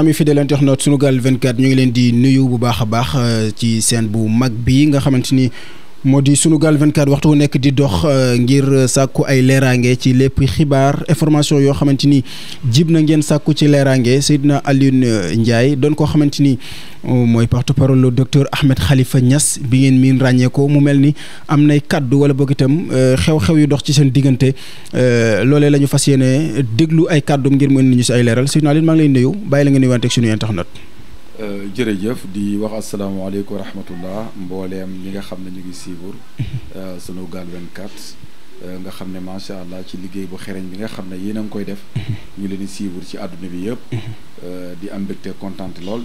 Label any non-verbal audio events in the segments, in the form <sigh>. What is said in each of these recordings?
ami fidèle internaute Sunugal 24 ñu ngi leen di nuyu bu baax a baax euh, ci seen bu mag bi nga xamante ni moo di suñu Sunugal 24 waxtu wu nekk di dox euh, ngir sàkku ay leeraange ci lépp xibaar information yoo xamante ni jib na ngeen sàkku ci leeraange Seydina Alioune euh, Ndiaye doon koo xamante ni euh, mooy porte parole le docteur Ahmed Khalifa Niass bi ngeen miin ràññee ko mu mel ni am nay kaddu wala boog itam xew-xew yu dox ci seen diggante loolee la ñu fas yéene déglu ay kàddum ngir mën nañu si ay leeral Seydina Alioune maa ngi lay nuyu bàyyi la nga nuyuwante ak suñu Euh, jërëjëf di wax asalaamaaleykum wa rahmatullah mbooleem ñi nga xam ne ñu ngi siibur euh, sunu gaal 24 euh, nga xam ne macha allah ci liggéey bu xereñ bi nga xam ne yéen a ngi koy def ñu leen di siibur ci àdduna bi yëpp di am mbégte kontaan lool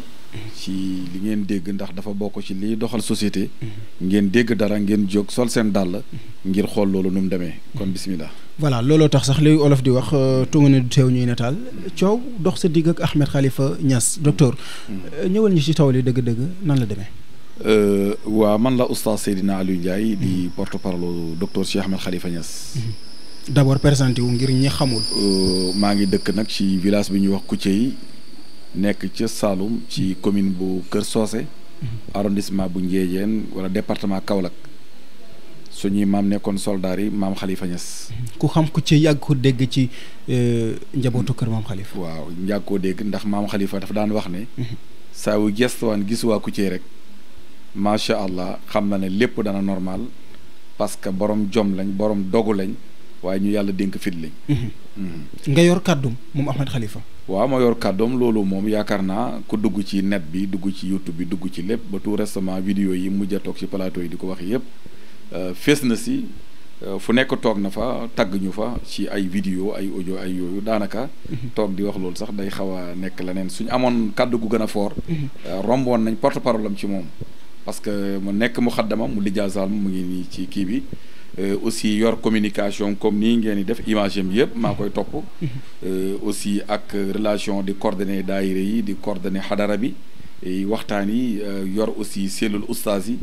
ci li ngeen dégg ndax dafa bokk ci liy doxal société ngeen dégg dara ngeen jóg sol seen dàll ngir xool loolu nu mu demee kon bismillah voilà looloo tax sax li olof di wax euh, tunga ne du teew ñuy nataal coow dox sa digg ak Ahmed Khalifa Niass docteur. Euh, ñëwal ñu ci taw li dëgg-dëgg nan la demee. Euh, waa man la oustaz Seydina Aliou Ndiaye. di mm-hmm. porte parlo docteur Cheikh Ahmed Khalifa ñas mm-hmm. d' abord présenté wu ngir ñi xamul. maa ngi dëkk nag ci village bi ñuy wax Koutiéy nekk ca Saloum ci mm-hmm. commune bu Kër soose arrondissement bu Ndiédiène wala département Kaolack. suñuy maam nekkoon soldaar yi maam xalifa Niass. ku xam ku ci yàgg ko dégg ci eh, njabootu kër maam xalifa waaw yàgg koo dégg ndax maam xalifa dafa daan wax ne. Mhm. saa wu gestuwaan gis waa ku ci rek. macha allah xam na ne lépp dana normal parce que borom jom lañ borom dogu lañ waaye ñu yàlla dénk fit lañ. Mhm. Mhm. nga yor kàddum moom Ahmed Khalifa. waaw ma yor kàddoom loolu moom yaakaar naa ku dugg ci net bi dugg ci YouTube bi dugg ci lépp ba tout récemment vidéo yi mu a ci plateau yi di ko wax yépp Euh, fees na si euh, fu nekk toog na fa tagg ñu fa ci ay vidéo ay ojo ay yooyu daanaka mhm. toog di wax loolu sax day xaw a nekk leneen suñu amoon kàdd gu gën a fort mhm. euh, romboon nañ porte parole am ci moom parce que mu nekk mu xaddamam mu lijaasaal mu ngi nii ci kii bi aussi yor communication comme nii ngeen di def image am yëpp maa koy topp mhm. aussi ak relation di coordonner daayira yi di coordonner xadara bi waxtaan yi euh, yor aussi cellule oustaz yi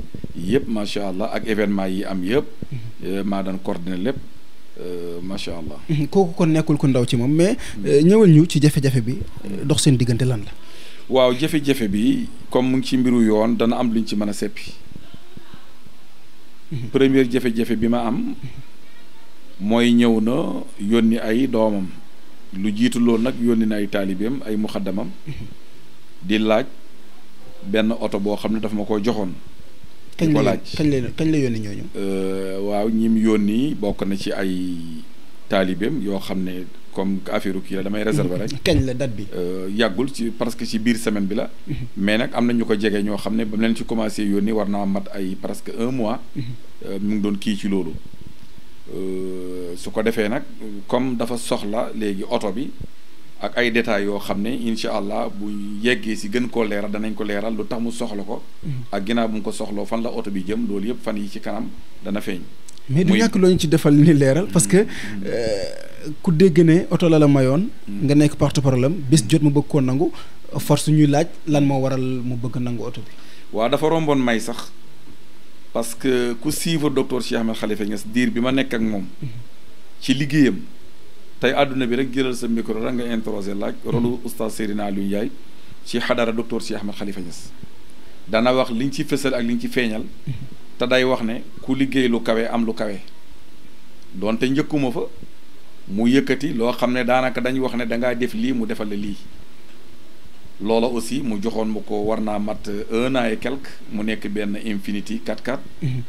yëpp macha allah ak événement yi am yëpp mhm. euh, maa daan coordonné lépp euh, macha allah. Mhm. kooku kon nekkul ko ndaw ci moom mais ñëwal ñu ci jafe-jafe bi dox seen diggante lan la. waaw jafe-jafe bi comme mu ngi ci mbiru yoon dana am luñ ci man a seppi. Mhm. première jafe-jafe bi ma am mooy ñëw na yónni ay doomam lu jiitu loolu nag yónni na ay taalibeem ay muxaddamam di laaj. benn oto boo xam ne dafa ma ko joxoon. kañ la kañ la kañ la yónni ñooñu. Euh, waaw yoon nii bokk na ci ay taalibeem yoo xam ne comme affaire kii la damay réserver rek. <laughs> kañ la date bi. Euh, yàggul ci parce que ci biir semaine bi la. Mhm. mais nag am na ñu ko jege ñoo xam ne ba mu leen ci commencé yónni war naa mat ay presque un mois. Mhm. Euh, mu ngi doon kii ci loolu. su ko defee nag comme dafa soxla léegi oto bi. ak ay détails yoo xam ne incha allah bu yeggee si gën koo leeral danañ ko leeral lu tax mu soxla ko. Mhm. ak ginnaaw bu mu ko soxloo fan la oto bi jëm loolu yëpp fan yi ci kanam dana feeñ. mais du ñàkk loo ci defal ni leeral parce que mhm. euh, ku dégg ne oto la la mayoon. Mhm. nga nekk porte problème bés jot mu bëgg koo nangu force suñuy laaj lan moo waral mu bëgg nangu oto bi. waa dafa romboon may sax parce que ku suivre docteur si Ahmed Khalifa Niass diir bi ma nekk ak moom. ci liggéeyam. tey àdduna bi rek jëlal sa micro rek nga introsé laaj mm-hmm. rolu oustaz Serigne Aliou Ndiaye ci xadara docteur Cheikh Ahmed Khalifa Niass dana wax liñ ci fësal ak liñ ci feeñal mm-hmm. te day wax ne ku liggéey lu kawe am lu kawe donte njëkkuma fa mu yëkkati loo xam ne daanaka dañu wax ne dangaa def lii mu defal la lii loola aussi mu joxoon mu ko war naa mat un an quelque mu nekk benn Infinity 4x4 mm-hmm.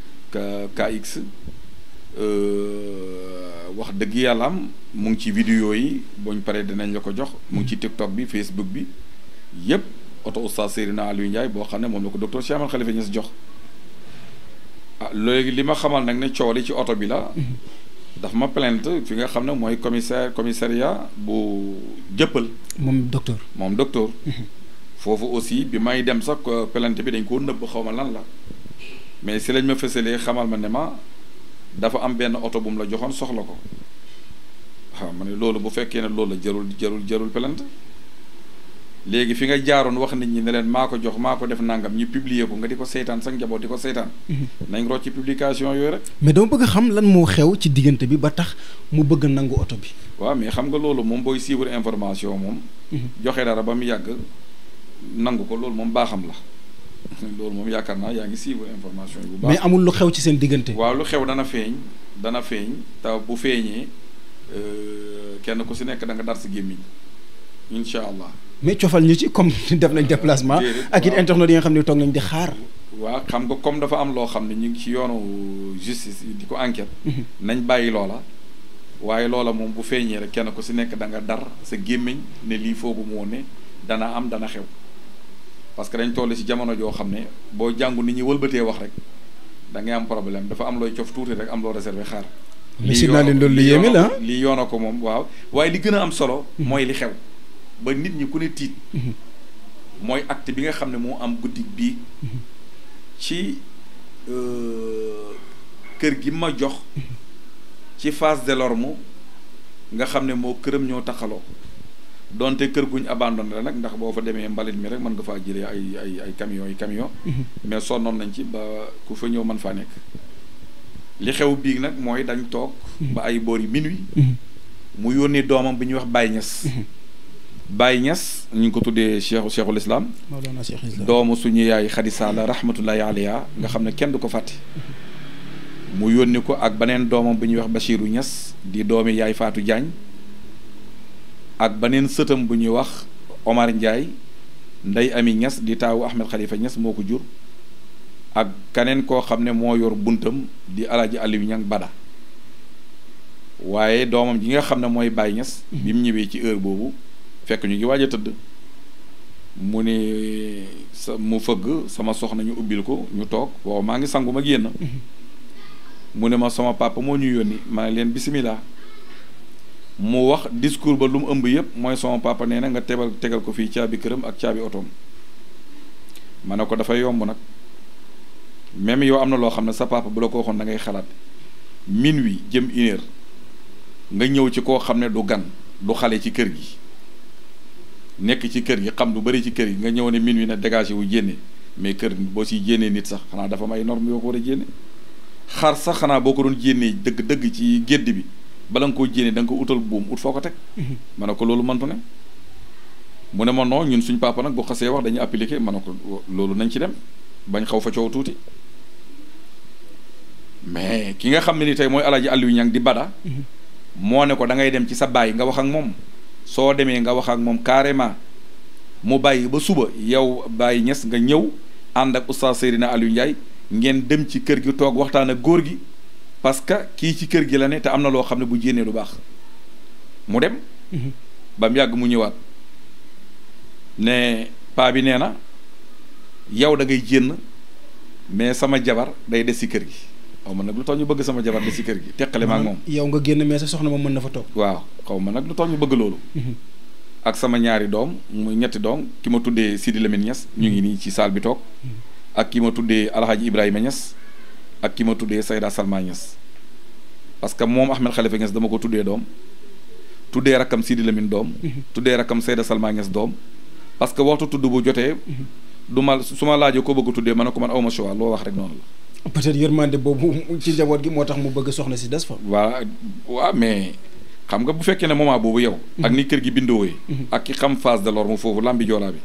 KX Euh, wax dëgg yàlla am mu ngi ci vidéo yi boo ñu paree dinañ la ko jox mu ngi ci TikTok bi Facebook bi yépp oto oustaz Seydina Aliou Ndiaye boo xam ne moom la ko docteur Cheikh Ahmed Khalifa Niass jox ah léegi li ma xamal nag ne coow li ci oto bi la daf ma plainte fi nga xam ne mooy commissaire commissariat bu jëppal moom docteur moom docteur mhm. foofu aussi bi may dem sax plainte bi dañ koo nëbb xaw ma lan la mais si lañ ma fësalee xamal ma ne ma dafa am benn oto bu la joxoon soxla ko waaw ma ne loolu bu fekkee ne loolu la jarul jarul jarul plainte léegi fi nga jaaroon wax nit ñi ne leen maa ko jox maa ko def nangam ñi publier ko nga di ko seytaan sax njaboot di ko seytaan mhm. nañ rocc ci publication yooyu rek. mais dama bëgg xam lan moo xew ci diggante bi ba tax mu bëgg nangu oto bi. waaw mais xam nga loolu moom booy suivre information moom. Mhm. joxe dara ba mu yàgg nangu ko loolu moom baaxam la. loolu moom yaakaar naa yaa ngi suivre information yi bu mais amul lu xew ci seen diggante. waaw lu xew dana feeñ dana feeñ te bu feeñee euh, kenn ku si nekk da nga dar si gémmiñ incha allah. mais cofal ñu ci comme <laughs> def nañ euh, déplacement. ak it internet yi xam ne toog nañ di xaar. waaw xam nga comme dafa am loo xam ne ñu ngi ci yoonu justice di ko enquête. Mhm. nañ bàyyi loola. waaye loola moom bu feeñee rek kenn ku si nekk danga nga dar sa gémmiñ ne lii foogu mu woon ne dana am dana xew. parce que dañ toll ci jamono joo xam ne boo jàngu nit ñi wëlbatee wax rek dangay am problème dafa am looy cof tuuti rek am loo réservé xaar. lii naa leen loolu lu yéeme la lii yoona ko moom waaw waaye li gën a am solo. Mhm. mooy li xew ba nit ñi ku ne tiit. Mhm. mooy acte bi nga xam ne moo am guddi bii mhm. ci euh, kër gi ma jox ci Fass Delorme nga xam ne moo këram ñoo taxaloo. donte kër gu guñ abandonné la nag ndax boo fa demee mbalit mi rek mën nga faa jëlee ay ay ay camions yi camions. Mhm. mais sonnoon nañ ci ba ku fa ñëw man faa nekk. li xew biig nag mooy dañ toog. ba mhm. ay boori minuit. Mhm. mu yónni doomam bu ñuy wax Baye Niass. Baye ñu ngi ko tuddee cheikh cheikhul islam. Mawlana Cheikh Islam doomu suñu yaay Xadisa la rahmatullahi alayha nga xam ne kenn du ko fàtte. mu yónni ko ak beneen doomam bu ñuy wax Bachirou Niass di doomi yaay faatu Diagne. ak beneen sëtam bu ñuy wax Omar Ndiaye nday ami Niass di taawu Ahmed Khalifa Niass moo ko jur ak keneen koo xam ne moo yor buntam di alaaji Aliou Niang Bada waaye doomam ji nga xam ne mooy Baye Niass bi mu ñëwee ci heure boobu fekk ñu ngi waaj tëdd mu ne sa mu fëgg sama soxna ñu ubbil ko ñu toog waaw maa ngi sangu ma génn mm-hmm. mu ne ma sama papa moo ñu yónni ma leen bisimilah. mu wax discours ba lu mu ëmb yëpp mooy sama papa nee na nga tebal tegal ko fii caabi këram ak caabi otoom ma ne ko dafa yomb nag même yow am na loo xam ne sa papa bu la ko waxoon da ngay xalaat wi jëm une nga ñëw ci koo xam ne du gan du xale ci kër gi nekk ci kër gi xam lu bari ci kër gi nga ñëw ne minuit na dégagé wu jénne mais kër boo ci jénnee nit sax xanaa dafa may ay normes yoo ko war a jénne xar sax xanaa boo ko doon jénnee dëgg-dëgg ci gédd bi bala nga koo jéene da nga ko utal buum ut foo ko teg mhm. ma ne ko loolu mantu ne mu ne ma non ñun suñ papa nag bu xasee wax dañuy appliqué ma mana ko loolu nañ ci dem bañ xaw fa coow tuuti mais ki nga xam ne ni tey mooy alaaji Aliou Niang di bada mhm. moo ne ko da ngay dem ci sa baay nga wax ak moom soo demee nga wax ak moom carrément mu bàyyi ba suba yow bàyyi ñes nga ñëw ànd ak oustaz Seydina Aliou Ndiaye ngeen dem ci kër gi toog waxtaan ak góor gi parce que kii ci kër gi la ne te am na loo xam ne bu jénnee du baax mu dem mhm. ba yàgg mu ñëwaat ne paa bi nee na yow da ngay jénn mais sama jabar day des ci kër gi xaw ma nag lu tax ñu bëgg sama jabar des ci kër gi teqale maa ak moom yow nga génn mais sa soxna moom mën na fa toog waaw xaw ma nag lu tax ñu bëgg loolu mhm. ak sama ñaari doom muy ñetti doom ki ma tuddee Sidi Lamine Niass ñu ngi nii ci saal bi toog mhm. ak ki ma tuddee Alhaji Ibrahima Niass ak ki ma tuddee Seyda Salma Niass parce que moom Ahmed Khalifa Niass dama ko tuddee doom tuddee rakkam Sidi Lamine doom tuddee rakkam Seyda Salma Niass doom parce que waxtu tudd bu jotee du ma su ma laajee ko bëgg tuddee ma ne ko man awma choix loo wax rek noonu la peut-être yërmande boobu ci njaboot gi moo tax mu bëgg soxna si des fa waa waa mais xam nga bu fekkee ne moment boobu yow ak ni kër gi bindooyee mhm. ak ki xam phase de l'orme foofu lambi joolaa bi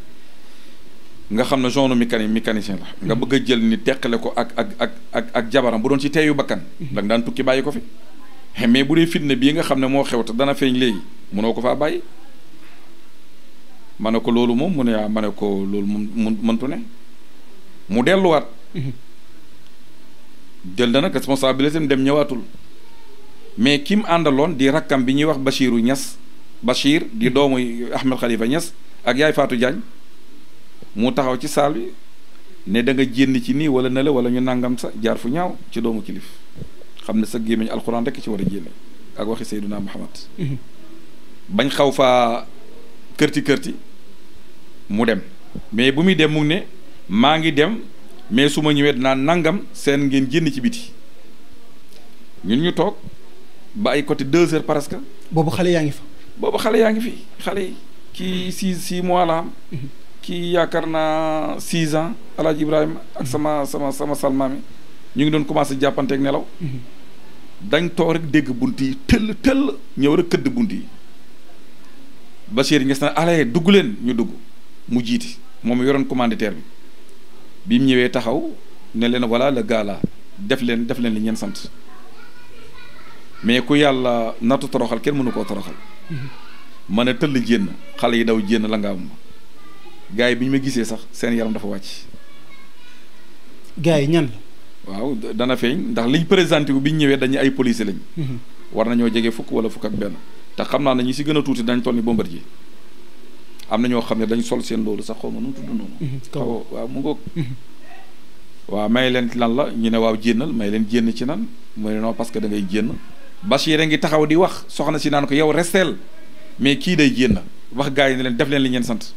nga xam ne genre mécanique la nga mm-hmm. bëgg a jël ni teqale ko ak ak ak ak ak jabaram bu doon ci teeyu bakkan mm-hmm. da nga daan tukki bàyyi ko fi eh, mais bu dee fitne bii nga xam ne moo xew te dana feeñ léegi mënoo ko faa bàyyi ma ne ko loolu moom mu ne yaa ah, ma ne ko loolu mu ne mu delluwaat mm-hmm. jël na nag responsabilité dem ñëwaatul mais ki mu àndaloon di rakkam bi ñuy wax Bachiru Ñas Bachir di doomu Ahmed Khalifa Ñas ak yaay Fatou Diagne mu taxaw ci saal bi ne da nga jénn ci nii wala ne la wala ñu nangam sa jaar fu ñaaw ci doomu kilif xam ne sa gémmiñ alxuraan rek ci war a jénne ak waxi Seydunaa Muhammad mhm. bañ xaw faa kërti kërti mu dem mais bu muy dem mu ne maa ngi dem mais su ma ñëwee dinaa nangam seen ngeen jénn ci biti ñun ñu toog ba ay côté deux heures presque. boobu xale yaa ngi fa. boobu xale yaa ngi fi xale yi kii six six mois la kii yaakaar naa six ans El Hadj ak sama sama sama salmaami ñu ngi doon commencé jàppanteeg nelaw. Mhm. dañ toog rek dégg bunt yi tëll tëll ñëw rek këdd bunt yi Bachir nges na allez dugg leen ñu dugg mu jiiti moom yoroon commanditaire bi bi mu ñëwee taxaw ne leen voilà le def leen def leen li ngeen sant mais ku yàlla nattu toroxal kenn mënu koo toroxal. Mhm. ma ne tëll génn xale yi daw génn la nga gars yi bi ñu ma gisee sax seen yaram dafa wàcc. gars yi ñan waaw dana feeñ ndax liñ présenté wu bi ñu ñëwee dañu ay policier lañ. Mhm. war nañoo jege fukk wala fukk ak benn te xam naa ne ñu si gën a tuuti dañ toll ni bombardier am na ñoo xam ne dañ sol seen loolu sax xaw ma nu mu tudd noonu. Mhm, waaw mu ngoog. Mhm. waaw may leen lan la ñu ne waaw jénnal may leen jénn ci nan mooy non parce que da ngay jénn Bachir a ngi taxaw di wax soxna si naan ko yow resteel mais kii day jénn wax gars yi ne def leen li ngeen sant.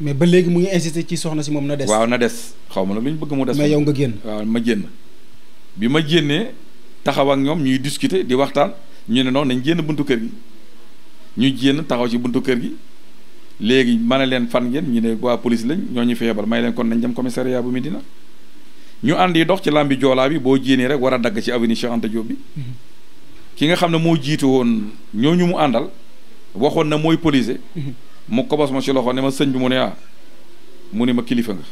mais ba léegi mu ngi insisté ci soxna si moom na des. waaw na des xaw ma nag lu ñu bëgg mu des. mais yow nga génn waaw ma génn. bi ma génnee taxaw ñoom ñuy discuter di waxtaan ñu ne noonu nañ jénn buntu kër gi ñu génn taxaw ci buntu kër gi léegi ma ne leen fan ngeen ñu ne waa police lañ ñoo ñu feebar yebal may leen kon nañ dem commissariat bu dina ñu ànd yi dox ci làmbi joolaa bi boo jéenee rek war a dagg ci avenue Cheikh Anta mm-hmm. ki nga xam ne moo jiitu woon ñooñu mu àndal waxoon na mooy police. Mm-hmm. mu kobos ma ci loxo ne ma sëñ bi mu ne ah mu ne ma kilifa nga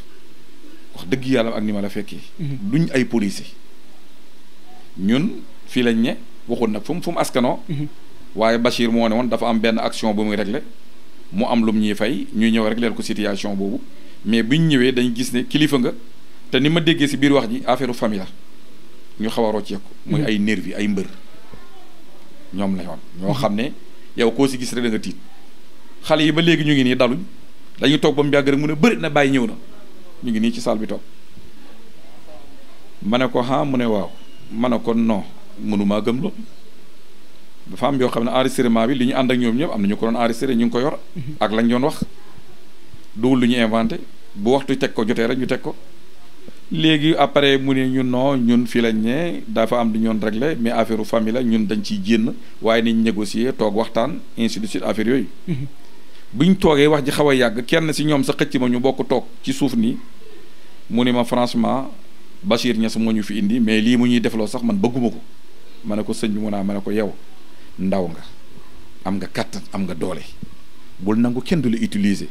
wax dëgg yàlla ak ni ma la fekkee. Mhm. duñ ay policier ñun fii lañ ne waxul nag fu mu fu mu mhm. waaye Bachir moo ne woon dafa am benn action bu muy régler mu am lum ñuy fay ñuy ñëw régler ko situation boobu mais biñ ñëwee dañ gis ne kilifa nga te ni ma déggee si biir wax ji affaire fami la ñu xaw a rocceeku. muy mhm. ay nervi ay mbër ñoom la ñoo xam ne yow koo si gis rek tiit. xale yi ba léegi ñu ngi nii daluñ dañuy toog ba mu yàgg rek mu ne bëri na bàyyi ñëw na ñu ngi nii ci saal bi toog ma ne ko ah mu ne waaw ma ne ko non mënumaa gëm loolu dafa am yoo xam ne enregistrement bi li ñu ànd ak ñoom ñëpp am na ko doon enregistré ñu ngi ko yor mhm. ak lañ doon wax duwul lu ñu inventé bu waxtu teg ko jotee rek ñu teg ko léegi après mu ne ñun non ñun fii lañ ne dafa am du ñoon réglé mais affaire famille la ñun dañ ciy génn waaye nañ négocier toog waxtaan ainsi de suite affaire yooyu mhm. bu ñu toogee wax ji xaw a yàgg kenn si ñoom sa xëcc ma ñu bokk toog ci suuf nii mu ni ma franchement Bachir Niass moo ñu fi indi mais lii mu ñuy defloo sax man bëgguma ko ma ne ko sëñ bi mu naa ma ne ko yow ndaw nga am nga kàttan am nga doole bul nangu kenn du la utiliser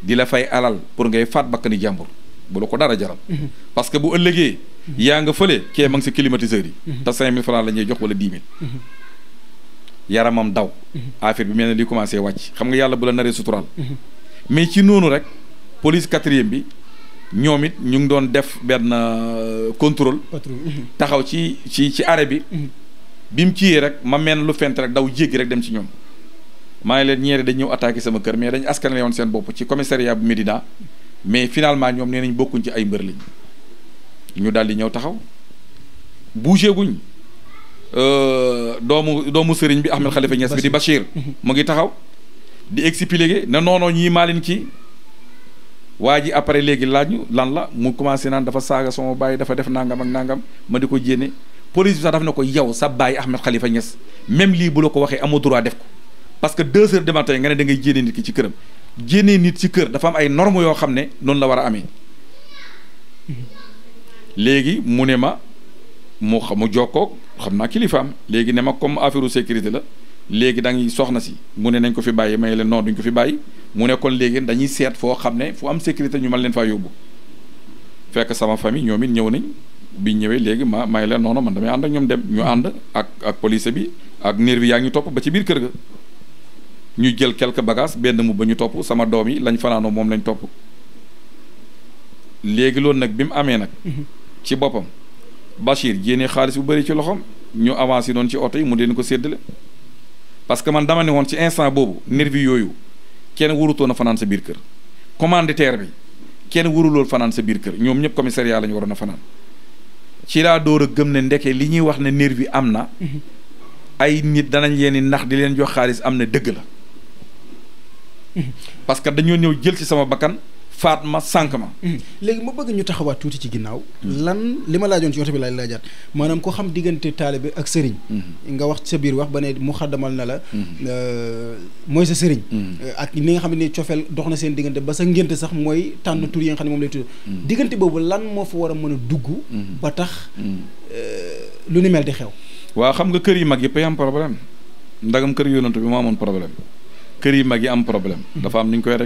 di la fay alal pour ngay faat bakkani jàmbur bu la ko dara jaral. Mhm. parce que bu ëllëgee. Mhm. yaa nga fële kee ma ngi si climatiseur yi. Mhm. te 5000 francs la ñuy jox wala 10 yaramam daw. Mhm. affaire bi mel ne li commencé wàcc xam nga yàlla bu la naree suturaal. Mhm. mais ci noonu rek police quatrième bi ñoom it ñu ngi doon def benn euh, contrôle. Mhm. taxaw ci ci ci arrêt bi. bi mu ciyee rek ma mel lu fent rek daw jéggi rek dem ci ñoom. maa ngi leen ñeeri dañ ñëw attaqué sama kër mais dañ askanale woon seen bopp ci commissariat bu Médina mais finalement ñoom nee nañ bokkuñ ci ay mbër lañ ñu daal di ñëw taxaw bougé guñ. doomu doomu sëriñ bi Ahmed Khalifa Niass bi di Bachir mhm. mu ngi taxaw di expliquer ne noono ñii maa leen kii waa ji après léegi laaj ñu lan la mu commencé naan dafa saaga sama baay dafa def nangam ak nangam ma di ko jénne police bi sax daf ne ko yow sa baay Ahmed xalifa ñes même lii bu la ko waxee amoo droit def ko parce que deux heures du nga ne da ngay jénne nit ki ci këram jénne nit ci kër dafa am ay norme yoo xam ne noonu la war a amee mhm. léegi mu ne ma mu mu jokkoog xam naa kilifaam léegi ne ma comme affaire sécurité la léegi da soxna si mu ne nañ ko fi bàyyi may leen non duñ ko fi bàyyi mu ne kon dañuy seet foo xam ne am sécurité ñu mën leen faa yóbbu fekk sama famille ñoom it ñëw nañ bi ñëwee léegi ma may leen noonu man damay ànd ak ñoom dem ñu ànd ak ak police bi ak niir bi yaa ngi topp ba ci biir kër ga ñu jël quelques bagages benn mu ba ñu topp sama doom yi lañ fanaanoo moom lañ topp léegi loolu nag bi mu amee nag mhm. ci boppam Bachir jéenee xaalis bu bëri ci loxoom ñu avancé yi doon ci oto yi mu deen ko séddale parce que man dama ne woon ci instant boobu nervi yooyu kenn wurutoon a fanaan sa biir kër commanditaire bi kenn wurulool fanaan sa biir kër ñoom ñëpp commissariat la ñu waroon a fanaan ci laa door a gëm ne ndeke li ñuy wax ne nervi am na mhm. ay nit danañ leen ndax di leen jox xaalis am na dëgg la mhm. parce que dañoo ñëw jël ci sama bakkan faat ma sànq ma. Hmm. léegi ma bëgg ñu taxawaat tuuti ci ginnaaw. lan li ma laajoon ci yoto bi laay laajaat maanaam ko xam diggante taalibe ak sëriñ. Hmm. nga wax sa biir wax ba ne mu xaddamal na la. Hmm. Euh, mooy sa sëriñ. Euh, ak ni nga xam ne cofeel dox na seen diggante ba sa ngénte sax mooy tànn tur yi nga xam ne moom lay tudd. diggante boobu lan moo fa war a mën a dugg. ba tax euh, lu ni mel di xew. waa xam nga kër yi mag yëpp am problème ndagam kër yonent bi amoon problème kër yi mag yi am problème. dafa am nu ñu koy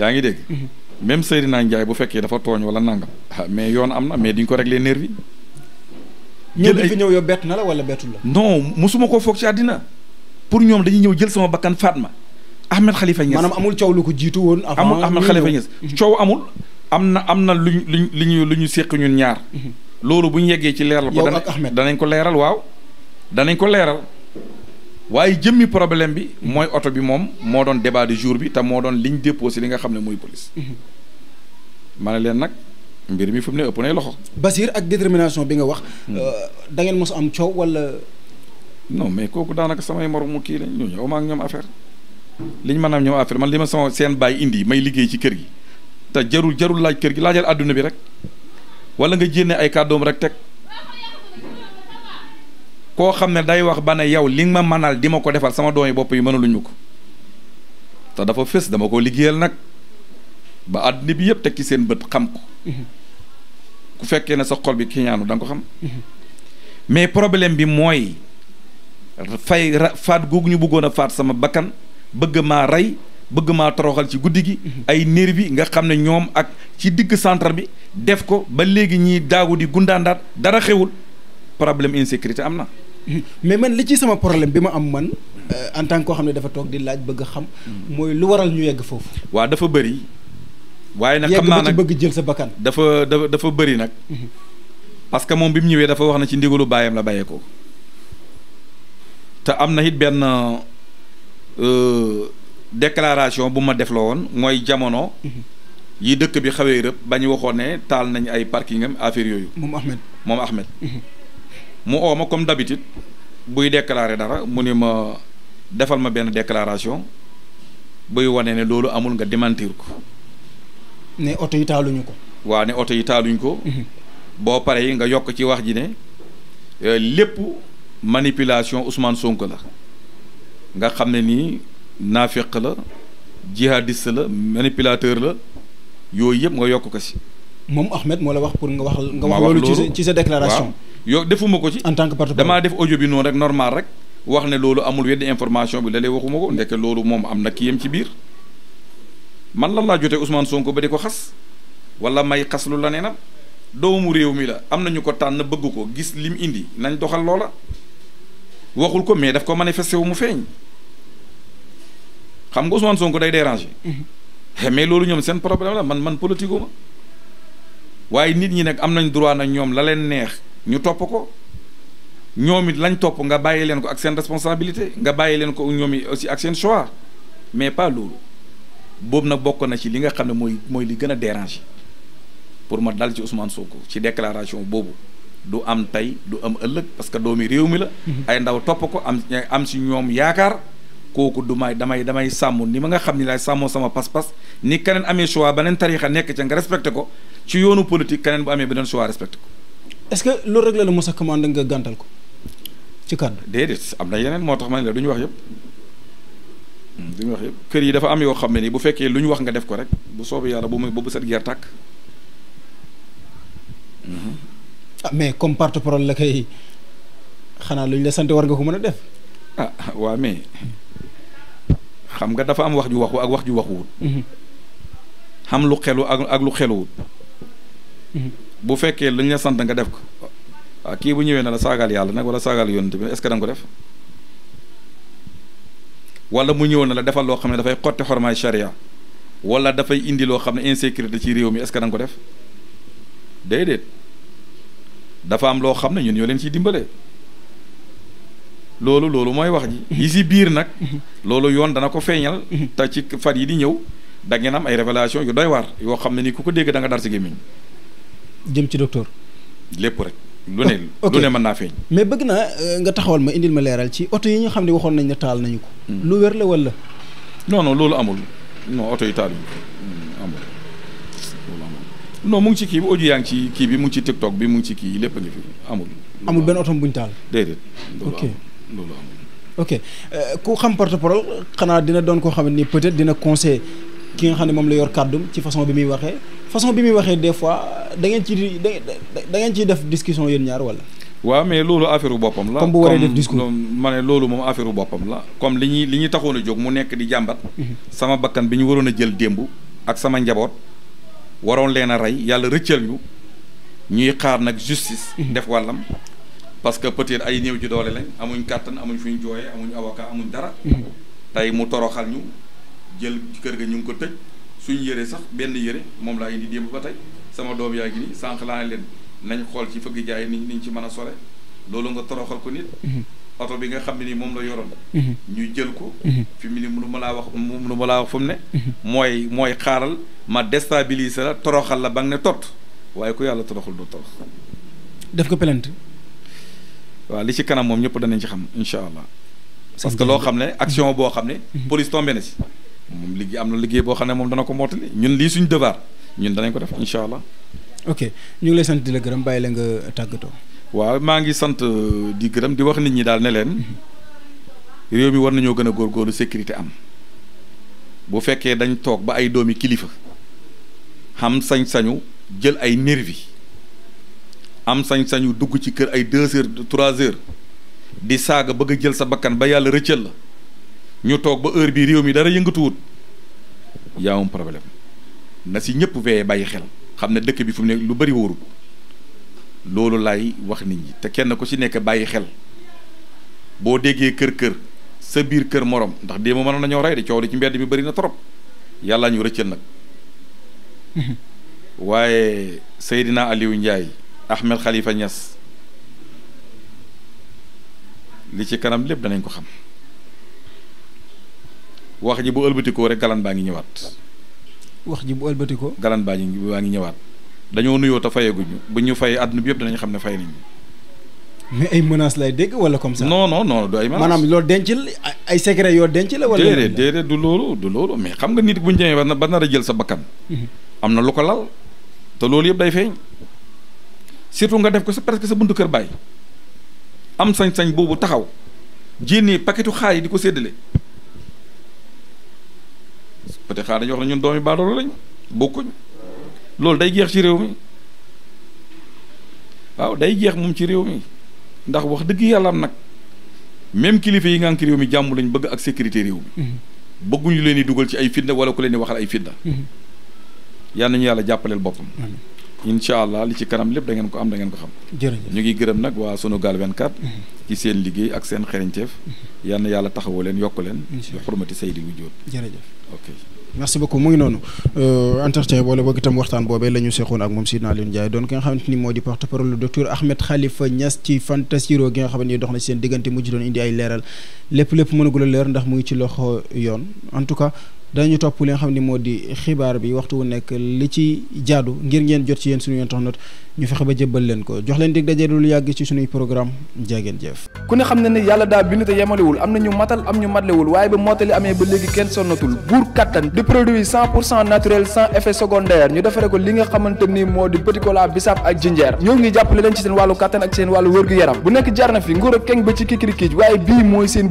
yaa ngi dégg mm-hmm. même Seydina Ndiaye bu fekkee dafa tooñ wala nangam ah, mais yoon am na mais diñ ko régler nerf yi ñëw bi ñëw yow bett na la wala bettul la non musuma koo foog ci àddina pour ñoom dañuy ñëw jël sama bakkan Fatma Ahmed Khalifa Niass maanaam amul coow lu ko jiitu woon amul Ahmed Khalifa Niass mm-hmm. coow amul am na am na lu luñ lu ñu lu ñu séq ñun ñaar mm-hmm. loolu bu ñu yeggee ci leeral ko danañ ko leeral waaw danañ ko leeral waaye jëmmi problème bi mooy oto bi moom moo doon débat du jour bi te moo doon liñ si li nga xam ne mooy police. Mhm. ma ne leen nag mbir mi fu mu ne ëpp nay loxo. Basir ak détermination bi nga wax. Hmm. Euh, dangeen ngeen mos am coow wala. non mais kooku daanaka samay moromu kii lañ ñu ñëw ma ak ñoom affaire liñ mën a ñoom affaire man li ma sama seen bàyyi indi may liggéey ci kër gi te jarul jarul laaj kër gi laajal àdduna bi rek wala nga jénne ay kàddoom rek teg. koo xam ne day wax ba ne yow li nga ma mënal di ma ko defal sama doomi bopp yi mënaluñ ma ko te dafa fës dama ko liggéeyal nag ba àddina bi yëpp tekki seen bët xam ko mhm. ku fekkee ne sa xol bi ki ñaanu da nga ko xam mhm. mais problème bi mooy fay faat googu ñu bëggoon a faat sama bakkan bëgg maa rey bëgg maa toroxal ci guddi gi mhm. ay néer bi nga xam ne ñoom ak ci digg centre bi def ko ba léegi ñiy daagu di gundaandaat dara xewul problème insécurité am na mais man li ci sama problème bi ma am man euh, en tant koo xam ne dafa toog di laaj bëgg xam. mooy lu waral ñu yegg foofu. waa dafa bëri. waaye nag xam naa nag bëgg jël sa bakkan. dafa dafa dafa bëri nag. Mhm. parce que moom bi mu ñëwee dafa wax na ci ndigalu baayam la ko te am na it benn euh, déclaration bu ma def mooy jamono. Mhm. yi dëkk bi xawee rëb ba ñu waxoon ne taal nañ ay parking am affaire yooyu. moom Ahmed moom Ahmed. Mhm. mu oo ma comme d'habitude buy déclarer dara mu ni ma defal ma benn déclaration buy wane ne loolu amul nga démentir ko. ne oto yi taaluñu ko. waa ne oto yi taaluñ ko. Mhm. boo paree nga yokk ci wax ji ne euh, lépp manipulation Ousmane sonk la nga xam ne nii naafiq la jihadiste la manipulateur la yooyu yëpp nga yokk ko si. moom Ahmed moo la wax pour nga wax. nga wax loolu ci sa ci sa déclaration. yow defuma ko ci. en tant que porte-parole damaa def audio bi noonu rek normal rek. wax ne loolu amul weddi information bi la lay waxuma ko ndeke loolu moom am na kiyam ci biir man lan laa jotee Ousmane Sonko ba di ko xas wala may xas lu la neenam doomu réew mi la am na ñu ko tànn bëgg ko gis lim indi nañ doxal loola waxul ko mais daf ko manifesté wu mu feeñ xam nga Ousmane Sonko day déranger. Mm-hmm. Eh, mais loolu ñoom seen problème la man man politique ma waaye nit ñi nag am nañ droit na ñoom la leen neex ñu topp ko ñoom it lañ topp nga bàyyi leen ko ak seen responsabilité nga bàyyi leen ko ñoom it aussi ak seen mais pas loolu boobu na bokk na ci li nga xam ne mooy mooy li gën a déranger pour ma dal ci Ousmane Sonko ci déclaration boobu du am tey du am ëllëg parce que doomi réew mi la. Mhm. ay ndaw topp ko am am si ñoom yaakaar. kooku du may damay damay sàmm ni ma nga xam ni laay sàmmoo sama pas-pas ni keneen amee choix beneen tarixa nekk ca nga respecté ko ci yoonu politique keneen bu amee beneen choix respecté ko. est que loolu rek la la mos ko ci kàddu. déedéet am na yeneen moo tax ma ne la ñu wax yëpp hmm, du ñu kër yi dafa am yoo xam ne nii bu fekkee lu ñu wax nga def ko rek bu soobee yàlla bu muy bu set geer hmm. ah, mais comme porte-parole la kay xanaa lu ñu la sant war nga ko mën a def. ah mais. xam nga dafa am wax ju waxu ak wax ju waxuwut mhm. xam lu xelu ak ak lu xeluwut mhm. bu fekkee lañ ne sant nga def ko waaw ah, kii bu ñëwee na la saagaal yàlla nag wala saagaal yoon bi mi ce que ko def wala mu ñëw na la defal loo xam ne dafay xotti xormaay charia wala dafay indi loo xam ne insécurité ci réew mi est-ce ko def déedéet dafa am loo xam ne ñun ñoo leen ciy dimbale loolu loolu mooy wax ji yi si biir nag <laughs> loolu yoon dana ko feeñal <laughs> te ci far yi di ñëw da ngeen am ay révélation yu doy waar yoo xam ne ni ku ko dégg danga nga dar si gémmiñ jëm ci docteur lépp rek lu ne lu ne mën naa feeñ mais bëgg naa euh, nga taxawal ma indil ma leeral ci oto yi ñu xam ne waxoon nañ ne taal nañu ko hmm. lu wér la walla non loolu amul non oto yi taal hmm, amul mu ngi ci kii bi audio yaa ngi ci kii bi mu ngi ci bi mu ngi ci kii lépp a ngi fi amul amul benn oto buñ taal loolu amul. ok euh, ku xam porte-parole xanaa dina doon koo xam ne peut-être dina conseil ki nga xam ne moom la yor kàddum ci façon bi muy waxee façon bi muy waxee des fois da ngeen ciy da da ngeen ciy def discussion yéen ñaar walla. waaw mais loolu affaire boppam la comme bu waree def discours ma loolu moom affaire boppam la comme li ñuy li ñuy taxoon a jóg mu nekk di jàmbat. Mhm. sama bakkan bi ñu waroon a jël démb ak sama njaboot waroon leen a rey yàlla rëccal ñu ñuy xaar nag justice. Mhm. def wàllam parce que peut-être ay néew ji doole lañ amuñ kàttan amuñ fu ñu jooyee amuñ avocat amuñ dara. Mm. tey mu toroxal ñu jël kër gi ñu ngi ko tëj suñu yére sax benn yëre moom laa indi démb ba tey sama doom yaa ngi nii sànq laa leen nañ xool ci fëgg jaay ni niñ ci mën a sole loolu nga toroxal ko nit. Mm-hmm. oto bi nga xam ne nii moom la yoroon. Mm-hmm. ñu jël ko. Mm-hmm. fi mu ne mënu ma laa wax mënu ma laa wax fu ne. mooy mooy xaaral ma déstabiliser la toroxal la ba nga ne tot waaye ku yàlla toroxal du ko plainte. waaw li ci kanam moom ñëpp danañ ci xam incha allah. parce que loo xam ne action boo xam ne. Mhm. police tombé na si. moom liggéey am na liggéey boo xam ne moom dana ko mottali ñun lii suñu devoir ñun danañ ko def incha allah. ok ñu ngi lay sant di la gërëm bàyyi la nga tàggatoo. waaw maa ngi sant euh, di gërëm di wax nit ñi daal ne leen mhm. réew mi war nañoo gën a góor góorgóorlu sécurité am bu fekkee dañ toog ba ay doomi kilifa xam sañ-sañu jël ay nervi am sañ-sañu dugg ci kër ay deux heures trois heures di saaga bëgg a jël sa bakkan ba yàlla rëccal la ñu toog ba heure bii réew mi dara yëngatuwut yaa am problème na si ñëpp veillé bàyyi xel xam ne dëkk bi fu mu ne lu bari wóorut loolu lay wax nit ñi te kenn ku ci nekk bàyyi xel boo déggee kër kër sa biir kër moroom ndax démb mënoon nañoo rey de coow li ci mbedd mi bari na trop yàlla ñu rëccal nag <laughs> waaye Seydina Aliou njaay Ahmed Khalifa Niass li ci kanam lépp danañ ko xam wax ji bu ëlbatikoo rek galan baa ngi ñëwaat. wax ji bu ëlbatikoo. galan baa ngi baa ngi ñëwaat dañoo nuyoo te fayeguñu bu ñu fayee àdduna bi yëpp danañ xam ne fay nañu. mais ay menaces lay dégg wala comme ça. non non non du ay menaces maanaam loolu denc la ay secret yoo denc la. wala déedéet du loolu du loolu mais xam nga nit bu ñu demee ba nar a sa bakkan. Mhm. am na lu ko lal te loolu yëpp day feeñ. surtout nga def ko sa presque sa buntu kër bàyyi am sañ-sañ boobu taxaw jénnee paquetu xaar yi di ko séddale peut-être xaar dañuy wax ne ñun doomi baadoolo lañu bokkuñu loolu day jeex ci réew mi waaw day jeex moom ci réew mi ndax wax dëgg yàlla nag même kilifa yi nga ci réew mi jàmm lañ bëgg ak sécurité réew mi mm-hmm. bëgguñu leen di dugal ci ay fitna wala ku leen di waxal ay fitna mm-hmm. yal nañu yàlla jàppaleel boppam incha allah li ci kanam lépp da ko am da ngeen ko xam jërëjëf ñu ngi gërëm nag waa Sunugal 24 mm-hmm. ci seen liggéey ak seen xereñteef mm-hmm. na yàlla taxawoo leen yokk leen bi xurmati saydi wu jóot jërëjëf ok merci beaucoup mu ngi noonu euh, entretien boole boog itam waxtaan boobee la ñu seexoon ak moom naa Alioune Ndiaye doon ki nga xamante ni moo di porte parole docteur Ahmed Khalifa Niass ci fantasiro gi nga xamante ni dox na ci seen diggante mujj doon indi ay leeral lépp lépp mënagul a leer ndax mu ngi ci loxo yoon en tout dañu topp li nga xam ne moo di xibaar bi waxtu wu nekk li ci jaadu ngir ngeen jot ci yéen suñu yoon tax ñu fexe ba jébbal leen ko jox leen dig daje lu yàgg ci suñuy programme ku ne xam ne ne yàlla daa bind te yemalewul am na ñu matal am ñu matlewul waaye ba mottali amee ba léegi kenn sonnatul buur kattan di produit naturel sans effet secondaire ñu defare ko li nga xamante ni moo di petit bisaab ak jinjeer ñoo ngi jàppale leen ci seen wàllu kattan ak seen wàllu wërgu-yaram bu nekk jarna fi nguur ak keng ba ci kikirikiij waaye bii mooy seen